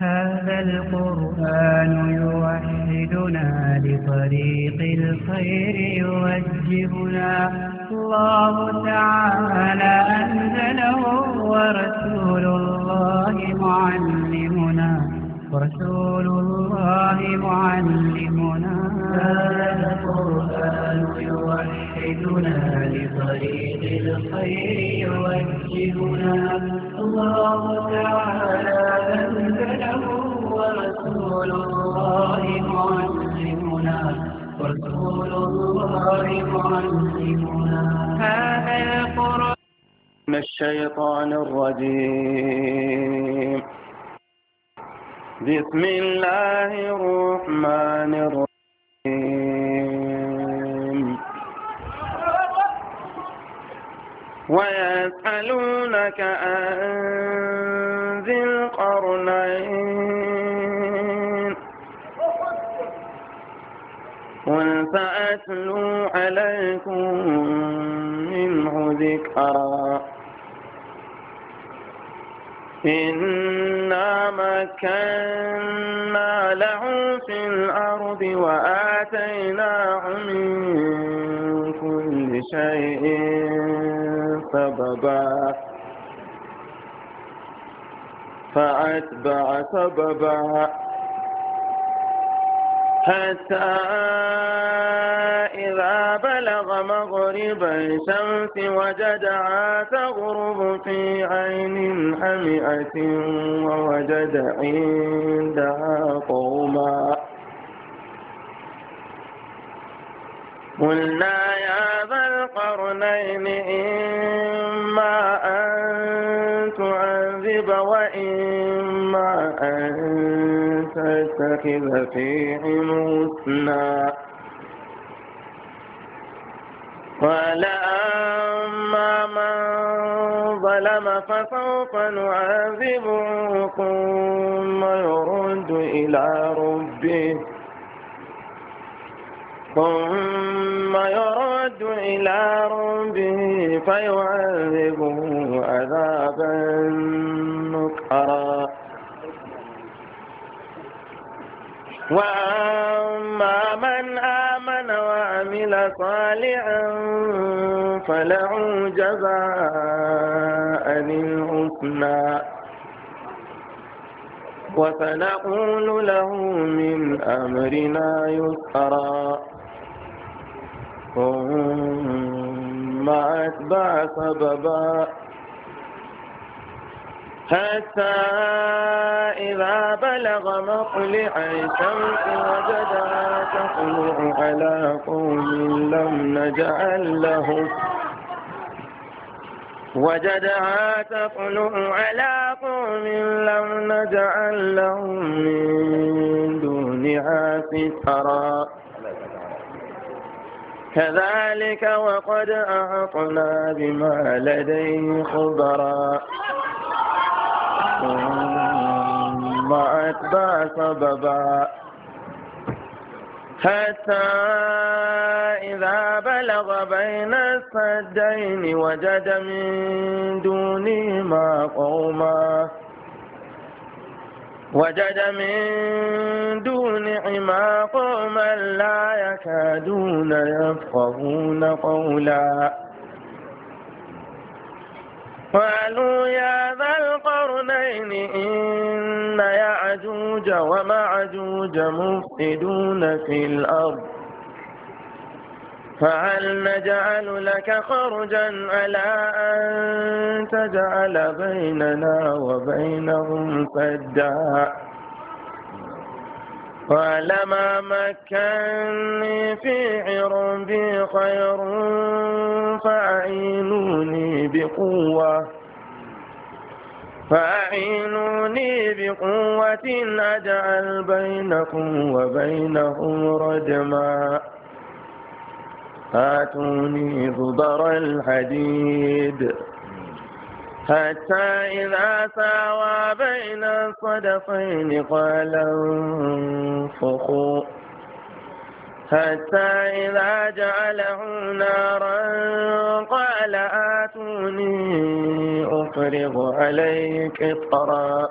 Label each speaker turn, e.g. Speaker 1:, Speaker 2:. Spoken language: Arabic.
Speaker 1: هذا القرآن يوحدنا لطريق الخير يوجهنا الله تعالى أنزله ورسول الله معلمنا ورسول الله معلمنا هذا القرآن يوحدنا لطريق الخير يوجهنا الله تعالى رسول الله رسول الله هذا من الشيطان الرجيم بسم الله الرحمن الرحيم ويسألونك أن قل فأتلو عليكم منه ذكرا إنا مكنا له في الأرض وآتيناه من كل شيء سببا فأتبع سببا حتى إذا بلغ مغرب الشمس وجدها تغرب في عين حمئة ووجد عندها قوما قلنا يا ذا القرنين إن يتخذ فيهم حسنا قال أما من ظلم فسوف نعذبه ثم يرد إلى ربه ثم يرد إلى ربه فيعذبه عذابا نكرا وأما من آمن وعمل صالحا فله جزاء الحسنى وسنقول له من أمرنا يسرا ثم أتبع سببا حتى إذا بلغ مطلع الشمس وجدها تطلع على قوم لم نجعل لهم وجدها تطلع على قوم لم نجعل لهم من دونها سترا كذلك وقد أعطنا بما لديه خبرا ثم أتبع سببا حتى إذا بلغ بين السدين وجد من دونهما قوما وجد من دونهما قوما لا يكادون يفقهون قولا قالوا يا ذا البحرين إن يعجوج ومعجوج مفسدون في الأرض فهل نجعل لك خرجا على أن تجعل بيننا وبينهم سدا قال ما مكني في عربي خير فأعينوني بقوة فأعينوني بقوة أجعل بينكم وبينهم رجما آتوني ضبر الحديد حتى إذا ساوى بين الصدفين قال انفخوا حتى إذا جعله نارا قال آتوني أفرغ عليك قرارا